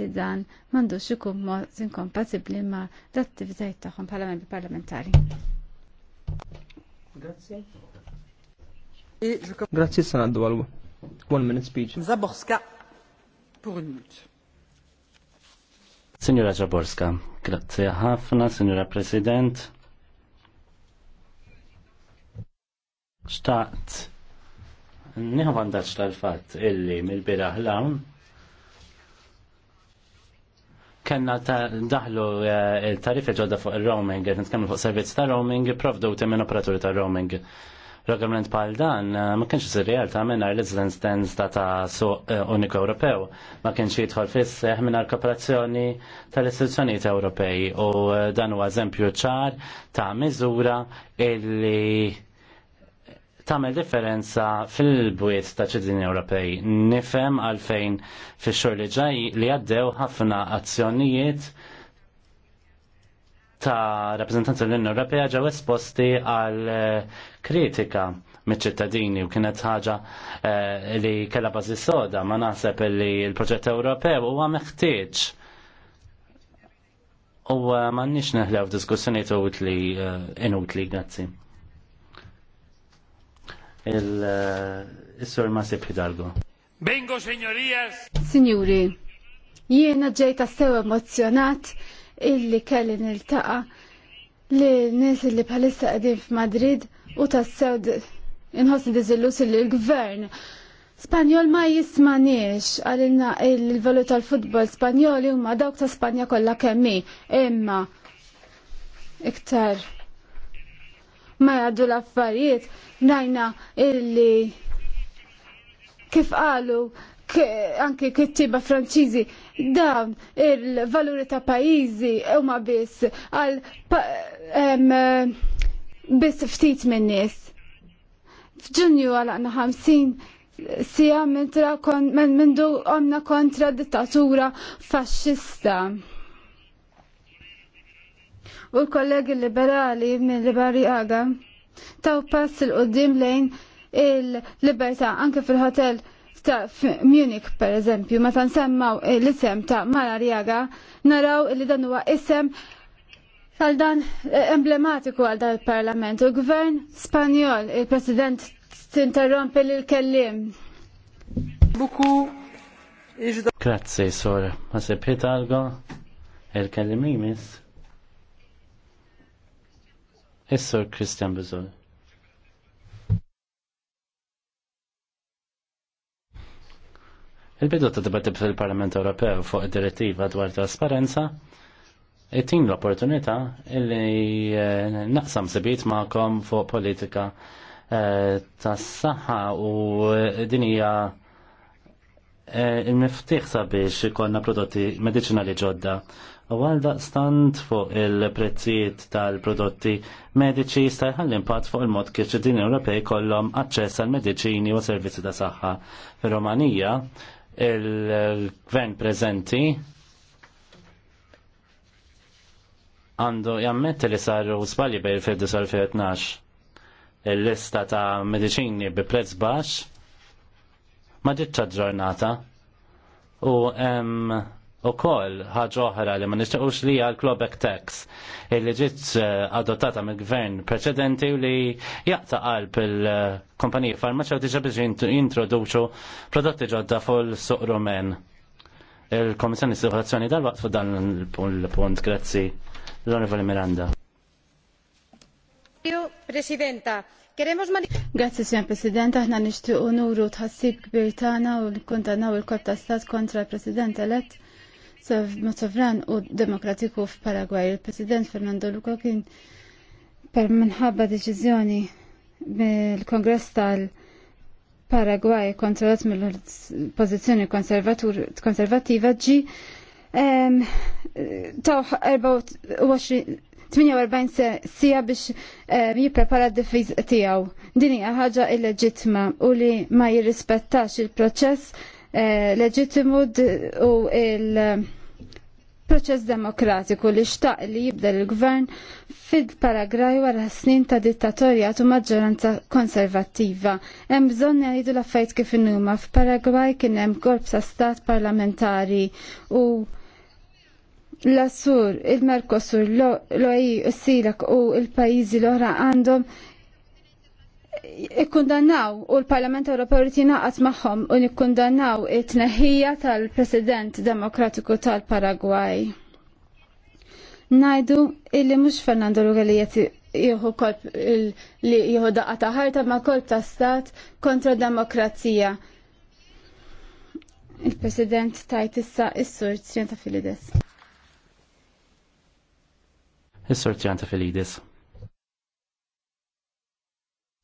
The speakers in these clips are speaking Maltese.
li dan mandu xikum mod inkompatibbli ma' l attivitajt taħħom bħala membri parlamentari. Grazie. Grazie sanaddu għal one minute speech. Zaborska, pur un minut. Signora Zaborska, grazie ħafna, signora President. Xtaqt, nieħu vandaċ tal-fat illi mil biraħ lawn Kenna daħlu il-tariffi eh, ġodda fuq il-roaming, għet nitkellmu fuq servizz ta' roaming, provdu minn operaturi ta' roaming. Regolament pal dan, eh, ma kienx isir realtà mingħajr l-eżistenz ta' ta' suq eh, uniku Ewropew, ma kienx jidħol fisseħ mingħajr kooperazzjoni tal-istituzzjonijiet Ewropej u dan u eżempju ċar ta' miżura illi tagħmel differenza fil-bwiet ta' ċittadini Ewropej. Nifhem għalfejn fix xor li ġaj li għaddew ħafna azzjonijiet ta' rappresentanza l-Unjoni Ewropea ġew esposti għal eh, kritika mit-ċittadini u kienet ħaġa eh, li kella bażi soda ma naħseb li l-proġett Ewropew huwa meħtieġ. U eh, ma nix neħlew diskussjoniet utli inutli, grazzi il-sur Masip Hidalgo. Bingo, signorijas! Signori, jiena ġejta sew emozjonat illi kelli niltaqa li nis li bħalissa qegħdin f'Madrid u tassew inħossni diżillus li l-gvern Spanjol ma jisma'niex għalina il-valut tal-futbol spanjoli u ma dawk ta' Spanja kollha kemmi imma iktar ma jaddu l-affarijiet, najna illi kif qalu anke kittiba franċiżi dawn il-valuri ta' pajizi huma biss għal biss ftit minn nies. F'Ġunju għal 50 sija minn mindu għamna kontra dittatura faxxista u l-kollegi liberali minn Libari Aga taw pass il-qoddim lejn il-libertà anke fil-hotel ta' Munich per eżempju, meta nsemmaw l-isem ta' Malariaga, naraw li dan huwa isem għal dan eh, emblematiku għal dan il-parlament. U gvern Spanjol, il-president tinterrompi l-kellim. Buku. Grazie, sora. Ma se algo, il-kellim Is-Sur Christian Bizol. Il-bidu ta' dibattit fil-Parlament Ewropew fuq id-direttiva dwar trasparenza it-tin l-opportunità illi eh, naqsam sibit ma'kom fuq politika eh, tas saħħa u eh, dinija il-miftiħ sabiex ikonna prodotti medicinali ġodda u stand fuq il-prezzijiet tal-prodotti medici jista' jħalli impatt fuq il-mod kif ċittadini Ewropej kollhom aċċess għal mediċini u servizzi ta' saħħa. Fir-Romanija il-gvern preżenti għandu jammetti li saru sbalji bejn il-2012 il-lista ta' mediċini bi prezz baxx ma ġitċa ġornata u hemm u koll ħagħoħra li ma nixtiequx li għal Klobek Tax illi ġiet eh, adottata mill gvern preċedenti u li jaqta qalb il-kompaniji farmaceutiċa biex jintroduċu prodotti ġodda fuq suq rumen. Il-Komissjoni Situazzjoni dal-waqt fuq dan il-punt, grazzi. L-Onorevole Miranda. Presidenta, Keremos Grazie, signor President, aħna nixtiequ nuru tħassib kbir tagħna u kundanaw il-Kort ta' Stat kontra l-President elett sovran u demokratiku f'Paragwaj. Il-President Fernando Luca kien per minħabba deċiżjoni mill-Kongress tal-Paragwaj kontrolat mill-pożizzjoni konservativa ġi tawħ 48 sija biex jiprepara d-difiz tijaw. Dini ħaġa illeġitma u li ma jirrispettax il-proċess Eh, leġittimu u il-proċess eh, demokratiku li xtaq li jibda l-gvern fil-Paragraj wara snin ta' dittatorjat u maġġoranza konservattiva. Hemm bżonn jgħidu l-affajt kif inhuma f'Paragwaj kien hemm korp sa' stat parlamentari u l-Assur, il-Merkosur, l e u s-Silak u il-pajizi l-oħra għandhom ikkundannaw u l-Parlament Ewropew rrid jingħaqad magħhom u nikkundannaw it-tneħħija tal-President Demokratiku tal-Paragwaj. Najdu illi mhux Fernando Lugali qed jieħu kolb li jieħu daqqa ta' ħarta ma' kolb ta' stat kontra demokrazija. Il-President tajt issa is-sur Trianta Filides. Is-sur Trianta Filides.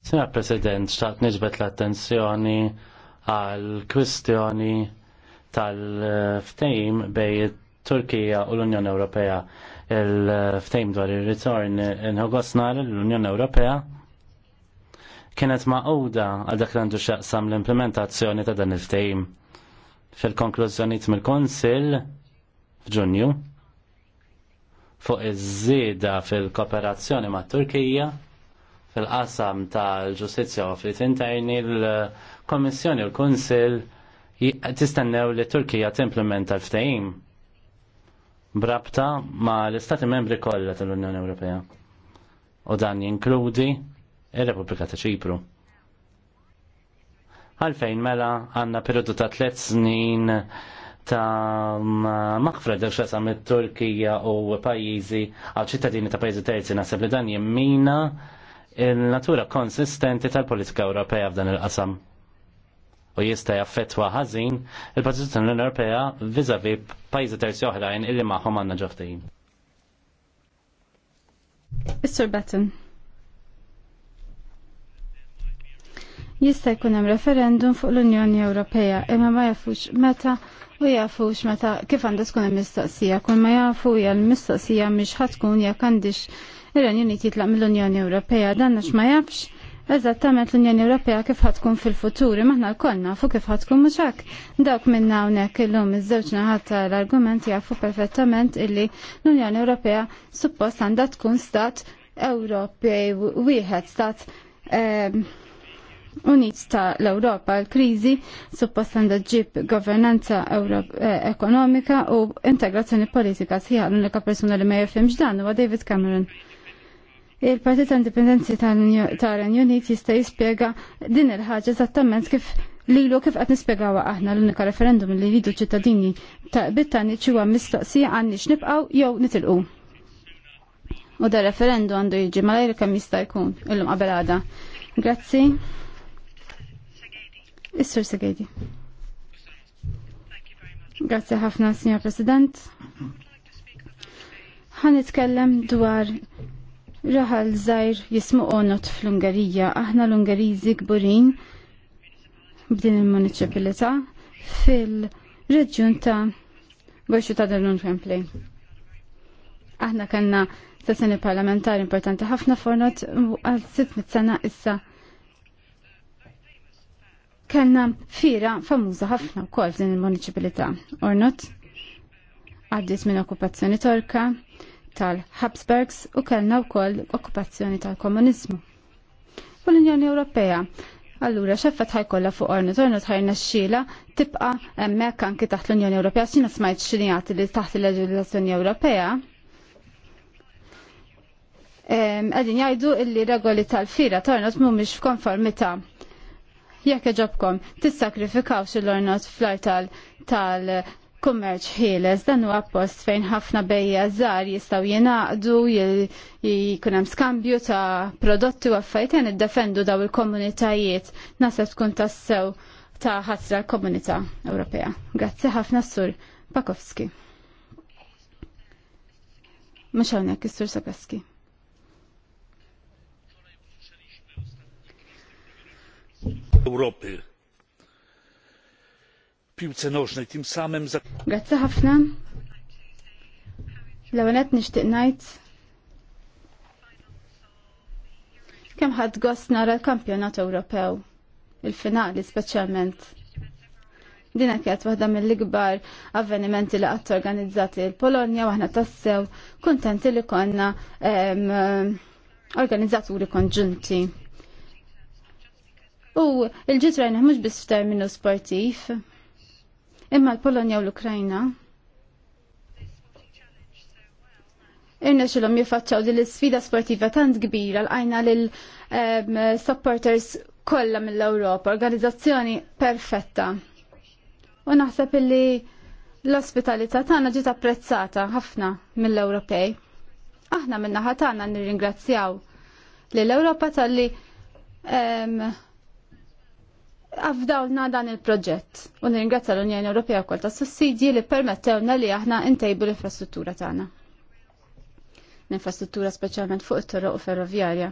Sena President, xtaqt nġbet l-attenzjoni għal kwistjoni tal-ftejm bej Turkija u l-Unjoni Ewropea. Il-ftejm dwar il-ritorn inħogos l-Unjoni Ewropea kienet maquda għal dak għandu xaqsam l-implementazzjoni ta' dan il-ftejm. Fil-konklużjoniet mill-Konsil f'Ġunju fuq iż-żieda fil-kooperazzjoni ma' Turkija fil-qasam tal-ġustizja u fil interni l-Komissjoni u l-Kunsil tistennew li Turkija timplementa l-ftehim brabta ma l-Istati membri kollha tal-Unjoni Ewropea. U dan jinkludi il repubblika ta' Ċipru. Għalfejn mela għanna periodu ta' tliet snin ta' maħfra d-derxasa mit-Turkija u pajizi għal ċittadini ta' pajizi terzi nasib li dan jemmina il-natura konsistenti tal-politika Ewropea f'dan il-qasam u jista' jaffettwa ħażin il-pożizzjoni l-Unjoni Ewropea viżavi pajjiżi terzi oħrajn illi magħhom għandna ġoftejn. Mr. Batten. Jista' jkun hemm referendum fuq l-Unjoni Ewropea imma ma jafux meta u jafux meta kif għandha tkun hemm mistoqsija kull ma jafu hija l-mistoqsija mhix ħadd tkun jekk għandix l-Renju Unit jitlaq mill-Unjoni Ewropea dan għax ma jafx eżattament l-Unjoni Ewropea kif ħatkun fil futuri maħna l-koll nafu kif ħatkun mhux hekk. Dawk minn hawnhekk illum iż-żewġ naħat l-argument jafu perfettament illi l-Unjoni Ewropea suppost għandha tkun stat Ewropej wieħed stat ehm, unit ta' l-Europa l-krizi suppost għandha ġib governanza eh, ekonomika u integrazzjoni politika sħiħa l-unika persuna li ma jifhimx dan huwa David Cameron il-Partit Indipendenzi ta' renju Unit jista' jispjega din il-ħaġa eżattament kif lilu kif qed nispjegawa aħna l-unika referendum li jridu ċittadini ta' bittani ċiwa mistoqsija għandix nibqgħu jew nitilqu. U da referendum għandu jiġi malajr kemm jista' jkun illum qabel għada. Grazzi. Is-Sur Segedi. Grazzi ħafna, Signor President. Ħanitkellem dwar Raħal żgħir jismu onot fl-Ungerija, aħna l ungarizi kburin b'din il-municipalità fil-reġjun ta' Bojxu ta' Danun Rempli. Aħna kanna sessjoni parlamentari importanti ħafna fornot għal 600 sena issa. Kanna fira famuża ħafna wkoll din il-municipalità. Ornot għaddis minn okkupazzjoni torka, tal-Habsburgs u kellna wkoll okkupazzjoni tal-komuniżmu. U l-Unjoni Ewropea Allura, xeffet ħajkolla fuq ornu, tornu tħajna xxila, tibqa emmek anki taħt l-Unjoni Ewropea, xina smajt xinijati li taħt l-leġilazzjoni Ewropea. Għadin jajdu illi regoli tal-fira tornot mumiex f'konformita. Jekk ġobkom, tissakrifikaw xil-ornot fl-artal tal-, tal kummerċ ħieles dan huwa post fejn ħafna bejja żgħar jistgħu jingħaqdu jkun hemm skambju ta' prodotti u affarijiet iddefendu daw il-komunitajiet nasab tkun tassew ta' ħasra l-komunità Ewropea. Grazzi ħafna sur Pakowski. Mhux hawnhekk is-sur Sakaski. Europy piłce nożnej, tym samym... Grazzi ħafna. l Lawanet nishtiq najt. Kem ħad gost nara l-kampjonat Ewropew, il-finali speċjalment. Dina kienet waħda mill-ikbar avvenimenti li qatt organizzati l-Polonja waħna tassew kuntenti li konna organizzaturi konġunti. U il-ġitrajna mhux biss f'terminu sportiv, Imma l-Polonja u l-Ukrajna Irna xilom jifacċaw din l-sfida sportiva tant kbira l-għajna l-supporters kollha mill-Ewropa, organizzazzjoni perfetta. U naħseb illi l-ospitalità tagħna ġiet apprezzata ħafna mill-Ewropej. Aħna minnaħa tagħna nirringrazzjaw lill-Ewropa tal-li għafdawna dan il-proġett u nirringrazza l-Unjoni Ewropea kol ta' sussidji li permettewna li aħna ntejbu l-infrastruttura tagħna. L-infrastruttura speċjalment fuq it torroq u ferrovjarja.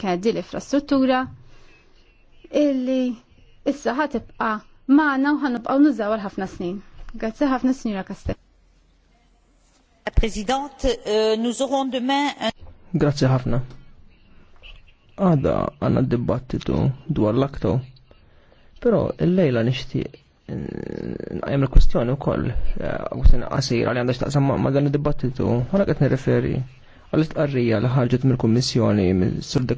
Kħeddi din l-infrastruttura illi issa ħatibqa' magħna u ħanibqgħu nużaw għal ħafna snin. Grazzi ħafna Sinjura Kastel. Presidente, euh, nous aurons demain Grazzi ħafna. Għada għanna dibattitu dwar l-aktaw Però l-lejla nixtieq nqajem il-kwestjoni wkoll għusin eh, qasir għal għandax taqsam ma' dan id-dibattitu, għana qed nirreferi għal istqarrija li ħarġet mill-Kummissjoni mil sur de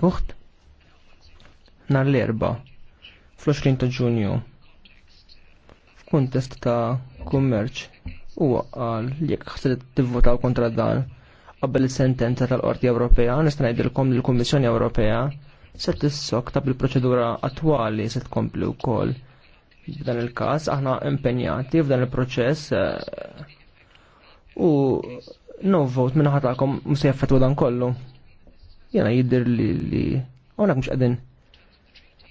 nar l-erba fl-20 ta' Ġunju f'kuntest ta' kummerċ huwa qal li jekk ħsidet tivvotaw kontra dan qabel is-sentenza tal-Qorti Ewropea nista' ngħidilkom l-Kummissjoni Ewropea se tissok ta' bil-proċedura attwali se tkompli wkoll. F'dan il-każ aħna impenjati f'dan il-proċess eh, u no vote minn ħatakom musa se jaffettwa dan kollu. Jena jidher li li hawnhekk mhux qegħdin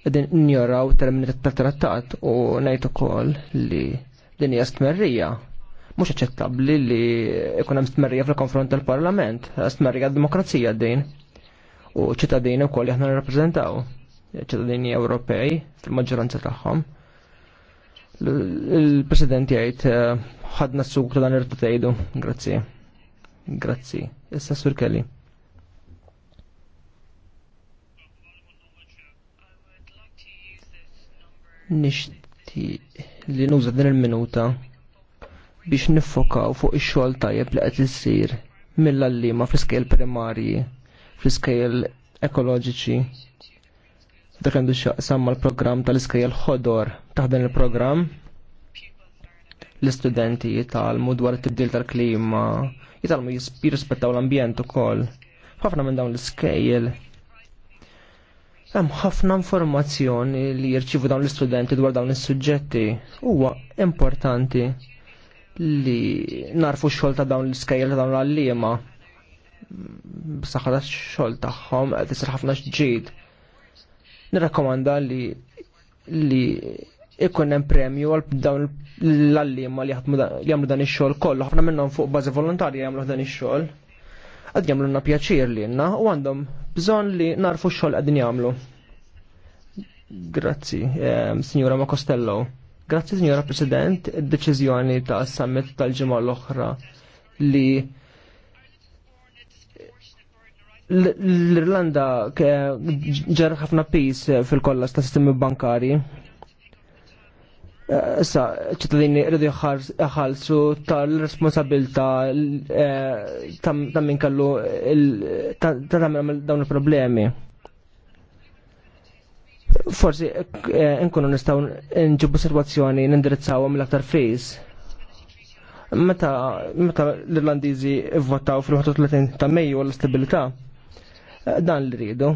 qegħdin injoraw termini tat-trattat u ngħid ukoll li din hija stmerrija mhux aċċettabbli li ikun hemm stmerrija fil-konfront tal-Parlament, stmerrija d-demokrazija din u ċittadini wkoll jahna aħna nirrappreżentaw ċittadini Ewropej fil-maġġoranza tagħhom. Il-President jgħid eh, ħadna s-suk dan irtu tgħidu. Grazzi. Grazzi. Issa Sur Kelly. Nixti li nuża din il-minuta biex niffokaw fuq ix-xogħol tajjeb li qed issir mill għalliema fl-iskel primarji fl-iskejjel ekoloġiċi. Dak għandu xaqsam mal-programm tal-iskejjel ħodor taħdan il-programm l-istudenti jitalmu dwar it-tibdil tal-klima, jitalmu jirrispettaw l-ambjent ukoll. Ħafna minn dawn l-iskejjel Hemm ħafna informazzjoni li jirċivu dawn l-istudenti dwar dawn is-suġġetti. Huwa importanti li narfu x-xogħol ta' dawn l-iskejjel ta' dawn l għallima x-xogħol xol taħħom tisir ħafna ġid. Nirrakkomanda li li ikun hemm premju għal dawn l-allima li jagħmlu dan ix-xogħol kollu, ħafna minnhom fuq bażi volontarja jagħmlu dan ix-xogħol. Qed jagħmlu pjaċir lilna u għandhom bżonn li narfu x-xogħol qegħdin jagħmlu. Grazzi, ehm, Sinjura Ma Costello. Grazzi, Sinjura President, id-deċiżjoni ta' summit tal-ġimgħa l-oħra li l-Irlanda ġer ħafna pis fil-kollas ta' sistemi bankari. Eh, issa, ċittadini rridu jħalsu tal-responsabilta eh, ta' minn kallu ta' dawn il-problemi. Forsi, eh, nkunu nistaw nġibu situazzjoni nindirizzawhom l-aktar fejs. Meta l-Irlandiżi votaw fil-31 ta' Mejju għall-istabilità, dan li rridu.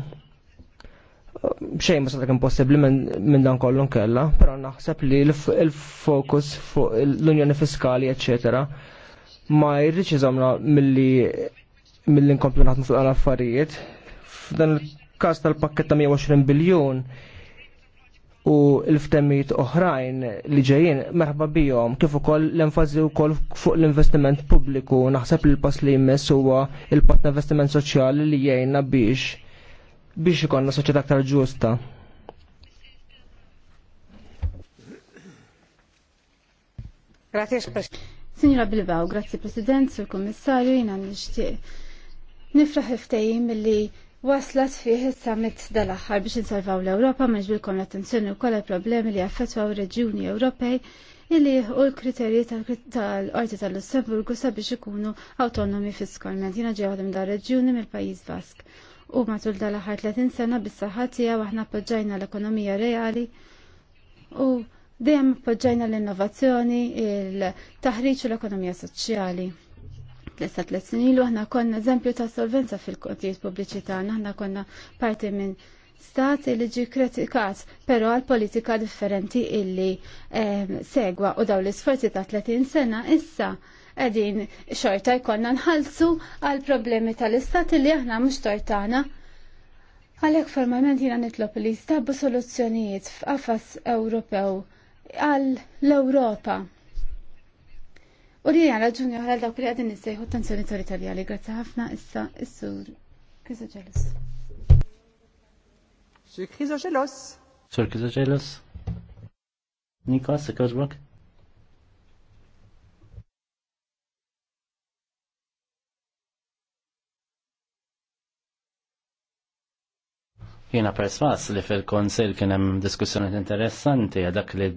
Xejn ma sadak impossibbli minn dan kollu kella, però naħseb li l-fokus fuq l-Unjoni Fiskali, eccetera, ma jirriċ jizomna mill-li inkomplu fuq l-affarijiet. F'dan il-każ tal-pakket ta' 120 biljun u l-ftemijiet oħrajn li ġejjin merħba bihom kif ukoll l-enfasi wkoll fuq l-investiment pubbliku naħseb li l-pass li jmiss huwa il-patt investiment soċjali li jgħinna biex biex ikonna soċjetà aktar ġusta. Grazie, Signora Bilbao, grazie President, Sur Kommissarju, jina nishtiq nifraħ il-ftejim li Waslat fih is-summit dal-aħħar biex insalvaw l-Ewropa maġbilkom l-attenzjoni wkoll il-problemi li affettwaw ir-reġjuni Ewropej illi u l-kriterji tal-Qorti tal-Lussemburgu sabiex ikunu autonomi fiskalment. Jina ġewħadem da reġjuni mill-Pajjiż Bask. U matul dal-aħħar 30 sena bis-saħħa tiegħu aħna appoġġajna l-ekonomija reali u dejjem appoġġajna l-innovazzjoni, il-taħriġ u l-ekonomija soċjali tlesta tlet snin u aħna konna eżempju ta' solvenza fil-kontijiet pubbliċi tagħna, aħna konna parti minn stat li ġi kritikat, pero għal politika differenti illi ehm, segwa u daw l-isforzi ta' 30 sena issa edin xorta jkonna nħalsu għal problemi tal-istat li aħna mux tortana. Għalek formalment jina nitlob li jistabbu soluzzjonijiet f'qafas Ewropew għal l-Europa. U li għana raġuni għal dawk li għadin nissejħu tensjoni territorjali. Grazzi ħafna issa s-sur ġelos. Sur ġelos. Sur ġelos. Nikos, se sekħoġbok? Jena perswas li fil-konsil kienem diskussjoni interessanti għadak li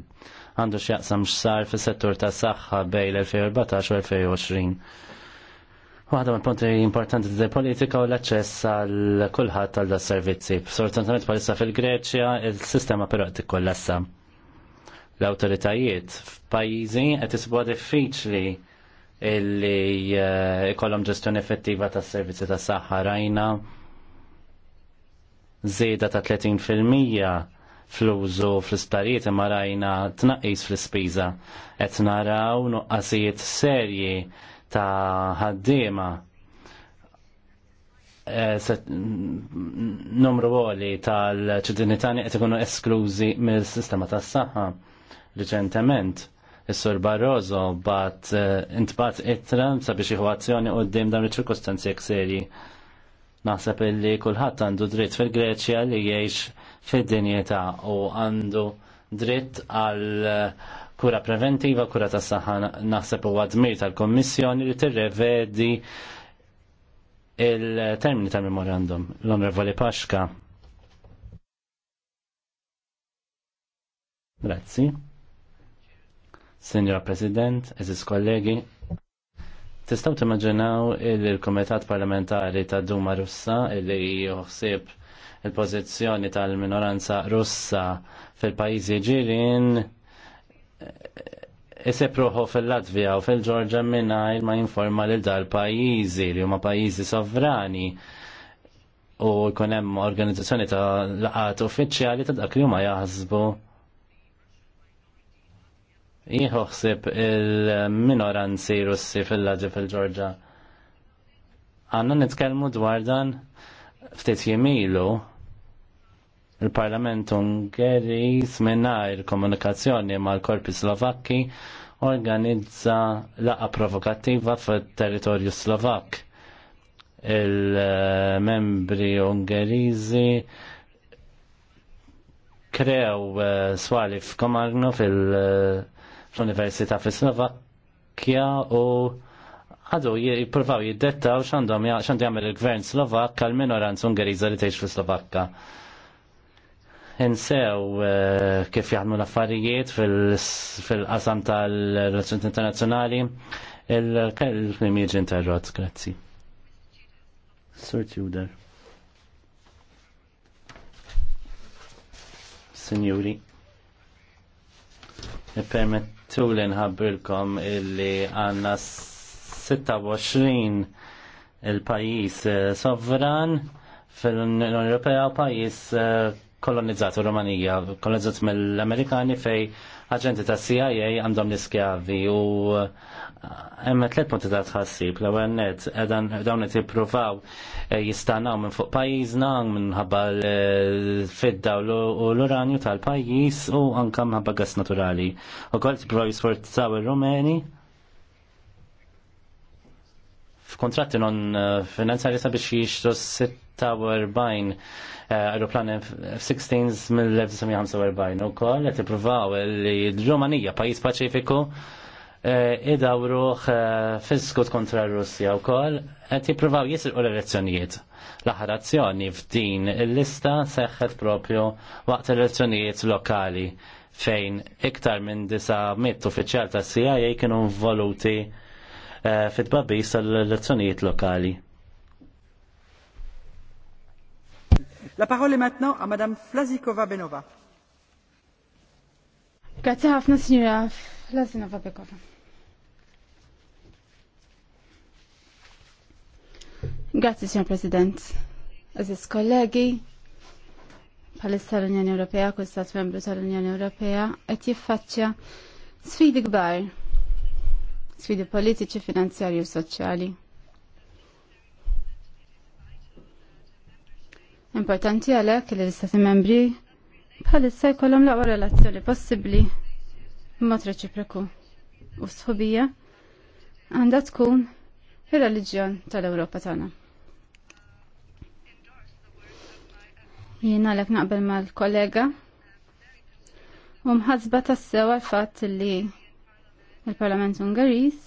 għandu x'jaqsam x'sar fis-settur tas saħħa bejn l-2014 u 2020. Waħda mill punti importanti di politika u l-aċċess għal kulħadd għal da servizzi. Sortentament palissa fil-Greċja, il-sistema però qed kollassa. L-awtoritajiet f'pajjiżi qed isbuha diffiċli illi eh, ikollhom ġestjoni effettiva tas-servizzi tas-saħħa rajna żieda ta' 30 fil-mija fl-użu fl istariet imma rajna tnaqqis fl-ispiża qed naraw nuqqasijiet serji ta' ħaddiema e, numru għoli tal-ċittadinitani qed ikunu esklużi mill-sistema tas-saħħa riċentement. Is-Sur Barroso bat e, intbat ittra sabiex jieħu azzjoni qudiem dawn iċ-ċirkostanzi serji. Naħseb illi kulħadd għandu dritt fil-Greċja li jgħix fid-dinjeta u għandu dritt għal eh, kura preventiva, kura tas saħħa naħseb u għadmir tal-Kommissjoni li tirrevedi il-termini tal-memorandum. L-Onorevoli Paxka. Grazzi. Signor President, eżis kollegi, tistaw timmaġinaw il-Komitat Parlamentari ta' Duma Russa li juħsib il-pożizzjoni tal-minoranza russa fil-pajjiżi ġirien isepruħu fil-Latvija u fil-Ġorġa minnajl ma jinforma l dal pajizi li huma pajizi sovrani u jkun hemm organizzazzjoni ta' laqat uffiċjali ta' dak li huma jaħsbu. Jieħu ħsib il-minoranzi Russi fil-Laġi fil-Ġorġa. Għanna nitkellmu dwar dan ftit jimilu Il-Parlament Ungeri smenna il-komunikazzjoni mal-korpi Slovakki organizza laqa provokattiva fil-territorju Slovak. Il-membri Ungerizi krew eh, swali f'Komarno fil-Università fi Slovakkja u għadu jippurvaw jiddettaw xandu jgħamil il-gvern Slovak għal minoranz Ungeriza li teħx fil-Slovakka insew eh, kif jaħdmu l-affarijiet fil-qasam tal-relazzjoni internazzjonali il-klim jiġi interrot, grazzi. Sur Tudor. Signori. Permettu li nħabbirkom illi għanna 26 il-pajis eh, sovran fil-Unjoni Ewropea pajis eh, kolonizzat Rumanija, kolonizzat mill-Amerikani fej aġenti ta' CIA għandhom l-iskjavi u eh, hemm tlet punti ta' tħassib l ewwel net dawn qed jippruvaw eh, jistanaw minn fuq pajjiżna minħabba l-fidda u l-uranju tal-pajjiż u anke minħabba gas naturali. u Ukoll tippruvaw jisforzaw il rumeni f-kontratti non eh, finanzjari sabiex jiexdu 46 eh, aeroplani F-16 mill-1945 u koll għet ipruvaw li l-Romanija, pajis paċifiku, eh, id-dawruħ fiskut kontra r-Russja u koll għet jipruvaw jisirqu l-elezzjonijiet. L-aħħar azzjoni f'din il-lista seħħet propju waqt elezzjonijiet lokali fejn iktar minn 900 uffiċjal ta' CIA kienu voluti. Eh, fit-babbi sal-elezzjonijiet lokali. La parole maintenant à Madame Flazikova Benova. Grazie ħafna signora Flazikova Benova. Grazie signor President. Aziz kollegi, palestra l-Unjoni Ewropea, kull membru tal-Unjoni Ewropea, qed jiffaċċja sfidi kbar sfidi politiċi, finanzjarji u soċjali. Importanti għalhekk li l-Istati membri bħalissa jkollhom l-aqwa relazzjoni possibbli b'mod reċiproku u sħobija għandha tkun ir-reliġjon tal-Ewropa tagħna. Jiena għalek naqbel mal-kollega u mħazba tassew għal fatt li il-Parlament Ungaris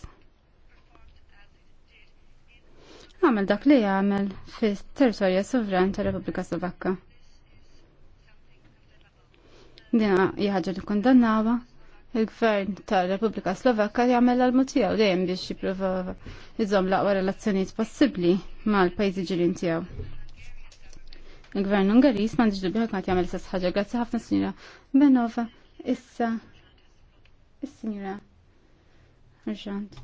għamel dak li għamel fi territorja sovran ta' repubblika Slovakka. Dina jħagġa li kondannawa il-gvern ta' repubblika Slovakka jagħmel għal tiegħu dejjem biex jiprofa jizom laqwa relazzjoniet relazzjonijiet possibbli mal-pajjiżi ġirin tiegħu. Il-gvern Ungaris m'għandix dubju ħadd jagħmel istess ħaġa grazzi ħafna sinjura Benova issa is-sinjura Rġant.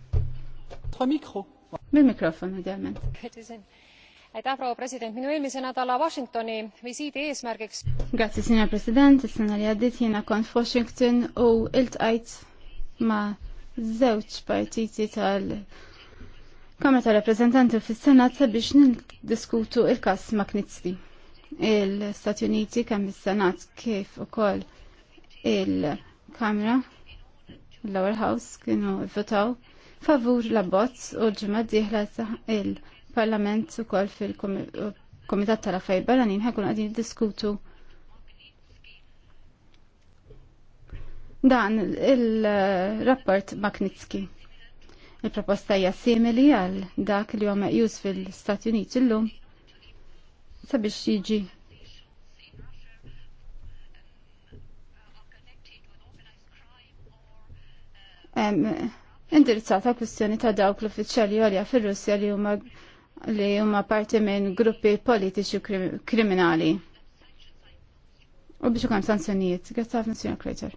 mikro. Bil-mikrofon, għedjament. Aitäh, proua president, minu eelmise nädala Washingtoni visiidi eesmärgiks. Grazie, signor president, s-sena li għaddit jena kont Washington u il-tajt ma zewċ partiti tal Kamra ta' rappresentanti fis-Senat sabiex nildiskutu il-kas Magnitsky. Il-Stati Uniti kemm is-Senat kif ukoll il-Kamra l-Lower House kienu votaw favur la bozz u ġimma diħla il-Parlament u kol fil-Komitat tal-Affaj Barranin ħakun għadin diskutu dan il-rapport Magnitsky. Il-proposta hija simili għal dak li huwa meqjus fil-Stati Uniti llum sabiex jiġi indirizzata kwistjoni ta' dawk l-uffiċjali għolja fir-Russja li huma li huma parti minn gruppi politiċi u kriminali. U biex ukoll sanzjonijiet. Grazzi ħafna Sinjor Kreter.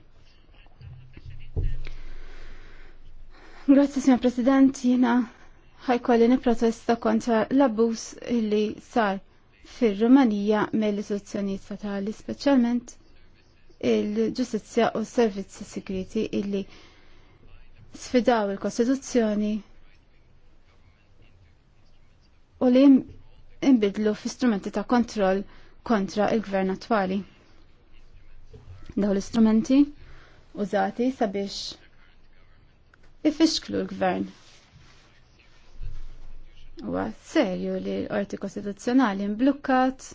Grazzi Sinjor President, jiena ħajkolli niprotesta kontra l-abbuż li sar fir-Rumanija mill-istituzzjonijiet statali, speċjalment il-ġustizzja u s-servizzi segreti illi sfidaw il-Kostituzzjoni u li imbidlu fi strumenti ta' kontroll kontra il-gvern attwali. Daw l-istrumenti użati sabiex ifisklu l-gvern. Huwa serju li l-Qorti Kostituzzjonali mblukkat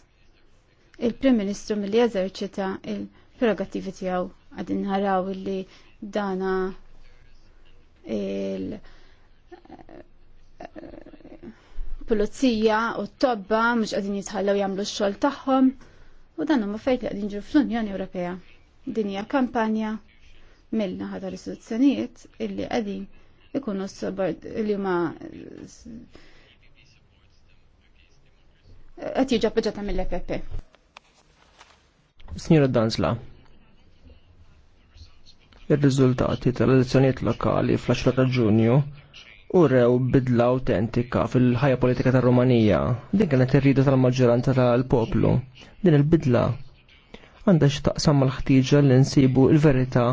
il-Prim Ministru milli eżerċita il-prerogativi tiegħu għadin naraw li dana il- pulizija u t-tobba mux qegħdin jitħallaw jagħmlu x-xogħol tagħhom u dan u mufajt li qegħdin ġru fl-Unjoni Ewropea. Din hija kampanja mill-naħa tal-istituzzjonijiet illi qegħdin ikunu s li huma qed jiġu appoġġjata mill-EPP. Signora Danzla, ir-riżultati tal-elezzjonijiet lokali fl-10 ta' Ġunju u rew bidla autentika fil-ħajja politika ta' rumanija Din kienet irrida tal-maġġoranza tal-poplu. Din il-bidla għandha x'taqsam mal ħtieġa li nsibu l-verità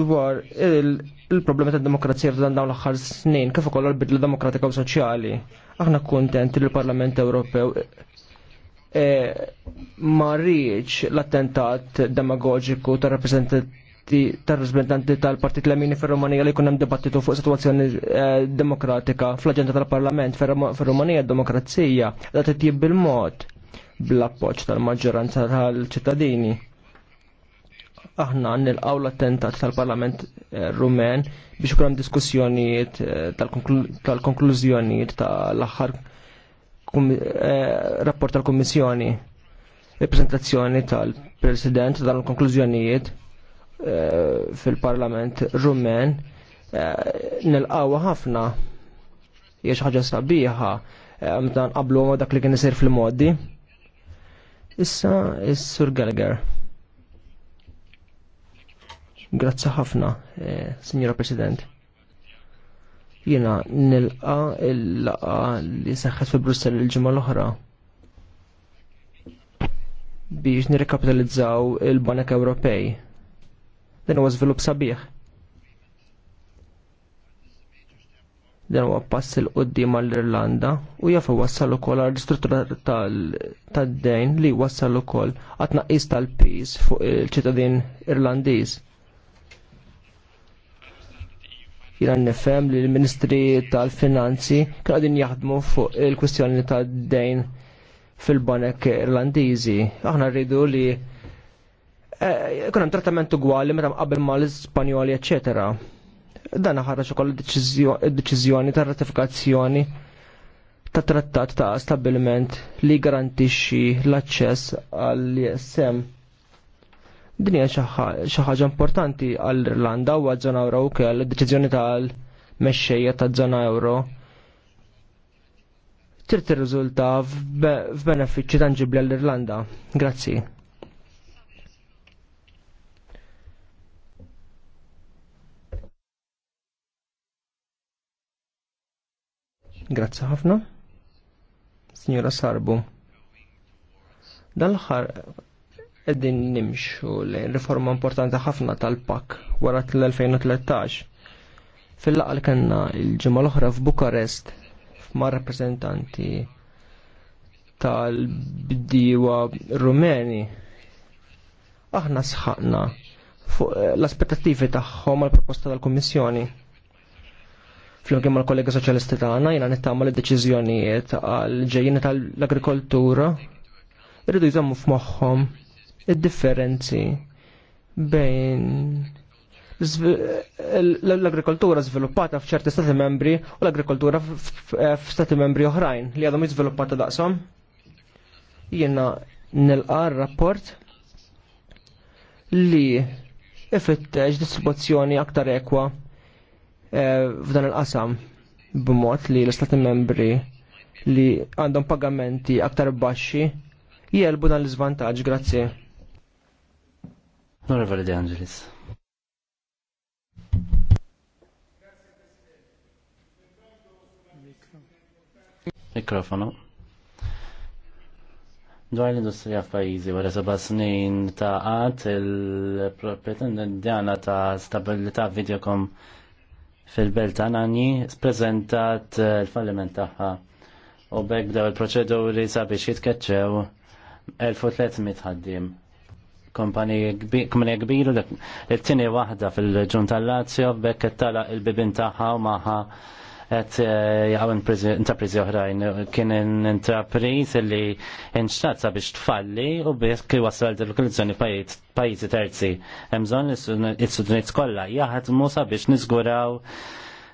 dwar il-problemi tad demokrazija dan dawn l-aħħar snin kif ukoll l-bidla demokratika u soċjali. Aħna kuntenti li l-Parlament Ewropew E, ma rridx l-attentat demagogiku ta' rappresentanti tar-rappresentanti tal-Partit Lemini fir-Rumanija li jkun hemm dibattitu fuq sitwazzjoni e, demokratika fl-aġenda tal-Parlament fir-Rumanija demokrazija da t bil-mod bl-appoġġ tal-maġġoranza tal-ċittadini. Aħna nil-għaw l-attentat tal-Parlament e, Rumen biex kunem diskussjoni diskussjonijiet tal-konklużjonijiet tal-aħħar tal konklużjonijiet tal aħħar Eh, rapport tal-Kummissjoni il presentazzjoni tal-President dan konklużjonijiet eh, fil-Parlament Rumen eh, nil-qawa ħafna jiex ħaġa sabiħa meta qablu ma dak li kien isir fil-modi. Issa is-Sur Gallagher. Grazzi ħafna, Signora President. Jiena nilqa il-laqa li seħħet fi Brussell il-ġimgħa l-oħra biex nirrikapitalizzaw il-Banek Ewropej. Dan huwa żvilupp sabiħ. Dan huwa pass il qoddim għall-Irlanda u jafu wassal ukoll għal ristruttura tad-dejn li wassal ukoll għat tnaqqis tal-pis fuq il-ċittadin Irlandiż. Jina nifhem li l-Ministri tal-Finanzi kienu din jaħdmu fuq il-kwistjoni tad-dejn fil-banek irlandiżi. Aħna rridu li jkun eh, hemm trattament ugwali meta qabel mal-Ispanjoli, eċetera. Dan ħarraġ ukoll id-deċiżjoni tar-ratifikazzjoni ta' trattat ta' stabilment li garantixxi l-aċċess għall-ISM Din hija xi ħaġa importanti għall Irlanda u għal żona euro wkoll id-deċiżjoni tal-mexxejja taż-żona euro trid tirriżulta f'benefiċċji tanġibli għall Irlanda. Grazzi. Grazzi ħafna. Signora Sarbu. Dal-ħar, Eddin nimxu lejn riforma importanti ħafna tal-pak wara l-2013. Fil-laqal kanna il-ġimgħa l-oħra f'Bukarest ma' rappresentanti tal-bdiewa rumeni. Aħna sħaqna fuq eh, l-aspettativi tagħhom għal proposta tal-Kummissjoni. Flimkien mal kollega soċjalisti tagħna jiena nittama' id-deċiżjonijiet għal ġejjina tal-agrikoltura irridu jżommu f'moħħhom id-differenzi bejn l-agrikoltura sviluppata f'ċerti stati membri u l-agrikoltura eh, f'stati membri oħrajn li għadhom jiżviluppata daqshom. Jiena nilqa rapport li ifittex distribuzzjoni aktar ekwa eh, f'dan il-qasam b'mod li l-istati membri li għandhom pagamenti aktar baxxi jelbu dan l-iżvantaġġ grazzi. Onorevole De Angelis. Mikrofono. Dwar l-industrija f'pajjiżi wara seba' snin ta' qatt il-pretendentjana ta' stabilità Videocom fil-belt ta' Nani spreżentat eh, l-falliment tagħha u bekk daw il-proċeduri sabiex jitkeċċew 1300 ħaddiem kompanija kbira li t tini wahda fil-ġun tal-Lazio bekk tala il-bibin taħħa u maħħa eh, għet jgħaw intraprizi uħrajn Kien intrapriz li inxtat sabiex tfalli u biex kri wasal dil-kollezzjoni pajizi terzi. Mżon il-studniet jgħat musa biex nizguraw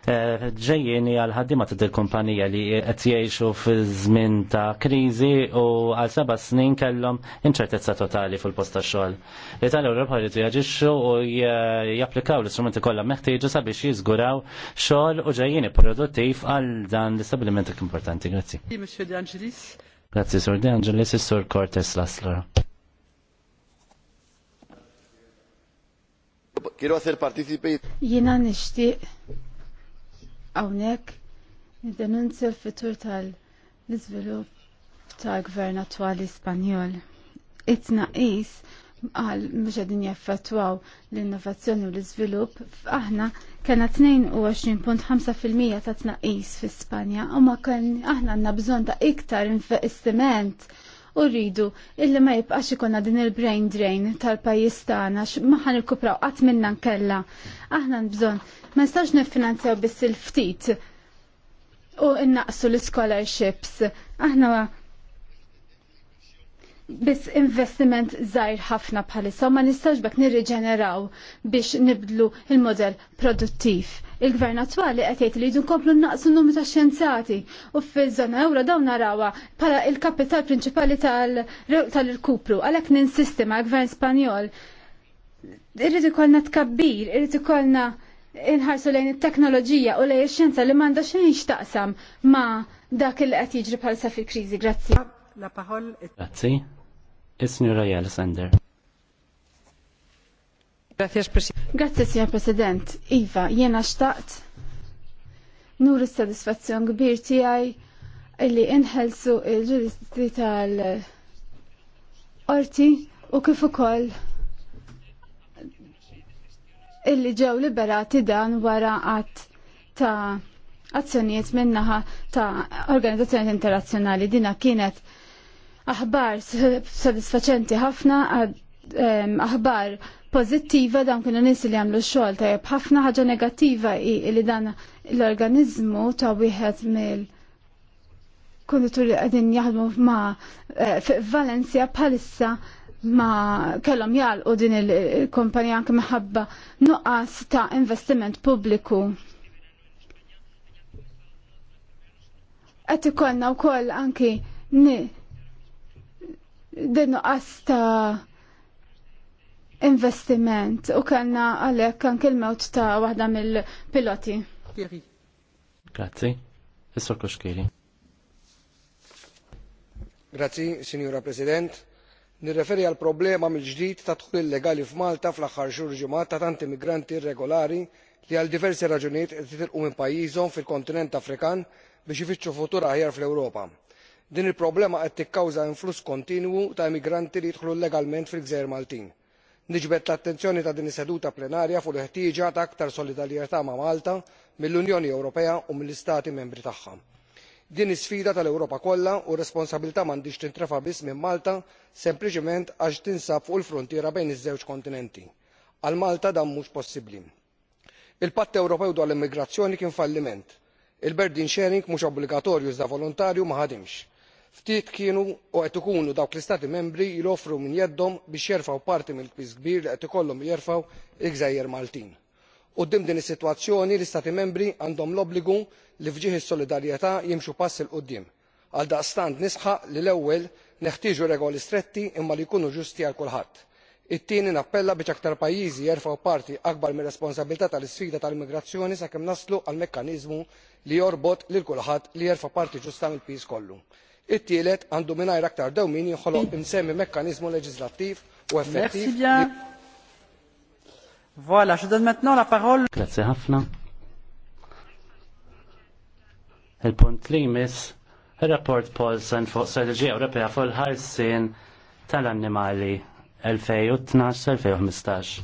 Eh, ġejjeni għal ħaddima ta' il-kumpanija li qed jgħixu fiż-żmien ta' kriżi u għal seba' snin kellhom inċertezza totali fil-post tax-xogħol. L-Italja u Ewropa jridu jaġixxu u japplikaw l-istrumenti kollha meħtieġu sabiex jiżguraw xogħol u ġejjeni produttiv għal dan l-istabbiliment importanti. Grazzi. Grazzi, Sur De Angelis, Sur Cortes Laslar. Kiro hacer partizipi. Jina nishtiq hawnhekk id-denunzja l-futur tal-iżvilupp tal-gvern attuali Spanjol. It-tnaqis għal mhux jaffatwaw l-innovazzjoni u l-iżvilupp, aħna kena 22.5% ta' tnaqis fi Spanja u ma kan aħna għandna bżonn ta' iktar investiment u rridu illi ma jibqax ikonna din il-brain drain tal-pajjiż tagħna il-kupraw għat qatt kella nkella. Aħna bżon ma nistax niffinanzjaw biss il-ftit u innaqsu l-scholarships. Aħna biss investiment zaħir ħafna bħalissa u ma nistax bek nirriġeneraw biex nibdlu il-model produttiv. Il-gvern attwali qed jgħid li jdu nkomplu naqsu n-numru ta' xjenzati u fiż-żona ewra dawn narawha bħala il-kapital prinċipali tal-irkupru għalhekk ninsisti ma' gvern Spanjol. Irrid ikollna tkabbir, irrid ikollna inħarsu lejn it-teknoloġija u lejn ix-xjenza li m'għandha xejn x'taqsam ma' dak il qed jiġri bħalsa fil-kriżi. Grazzi. La Grazzi. Is-Sinjur Rajal Grazie, Presidente. Signor President. Iva, jiena xtaqt nur is-sodisfazzjon kbir tiegħi illi inħelsu il-ġuristi tal-orti u kif ukoll illi ġew liberati dan wara għat ta' azzjonijiet minnaħa ta' organizzazzjoniet internazzjonali. Dina kienet aħbar sodisfaċenti ħafna, aħbar pozittiva dan kienu nis li għamlu xogħol tajjeb ħafna ħaġa negattiva illi li dan l-organizmu ta' wieħed mill konduturi għedin jaħdmu ma' eh, Valencia bħalissa ma kellhom jgħalqu din il kompanija anke minħabba nuqqas ta' investiment pubbliku. Qed ikollna wkoll anki din nuqqas ta' investiment u kellna għalhekk anke l-mewt ta' waħda mill-piloti. Grazzi. Is-sor Grazzi, Signora President nirreferi għal problema mill-ġdid ta' dħul illegali f'malta fl-aħħar xhur ġimgħat ta' tanti immigranti irregolari li għal diversi raġunijiet qed titilqu minn pajjiżhom fil-kontinent afrikan biex ifittxu futur aħjar fl-ewropa. din il-problema qed tikkawża influss kontinwu ta' immigranti li jidħlu legalment fil-gżejjer maltin. niġbed l-attenzjoni ta' din is-seduta plenarja fuq il-ħtieġa ta' aktar solidarjetà ma' malta mill-unjoni ewropea u mill-istati membri tagħha din is isfida tal ewropa kollha u r-responsabbiltà m'għandix tintrefa' biss minn malta sempliċiment għax tinsab fuq il fruntiera bejn iż-żewġ kontinenti. għal malta dan mhux possibbli. il patt ewropew dwar l-immigrazzjoni kien falliment. il burden sharing mhux obbligatorju iżda volontarju ma ħadimx. ftit kienu u qed ikunu dawk l-istati membri li joffru minn jedhom biex jerfgħu parti mill kbiż kbir li qed ikollhom jerfgħu l gżejjer maltin quddiem din is-sitwazzjoni l istati membri għandhom l-obbligu li fġieħ is-solidarjetà jimxu pass il quddiem. għaldaqstant nisħaq li l ewwel neħtieġu regoli stretti imma li jkunu ġusti għal kulħadd. it tieni nappella biex aktar pajjiżi jerfgħu parti akbar mir-responsabbiltà tal isfida tal immigrazzjoni sakemm naslu għal mekkaniżmu li jorbot lil kulħadd li jerfa' parti ġusta mill-piż kollu. it tielet għandu mingħajr aktar dewmien jinħoloq imsemmi mekkaniżmu leġislattiv u effettiv Voilà, je donne maintenant la parole. Grazie ħafna. Il-punt li il-rapport Polsen fuq strategija Ewropea fuq l ħarsin tal-annimali 2012-2015.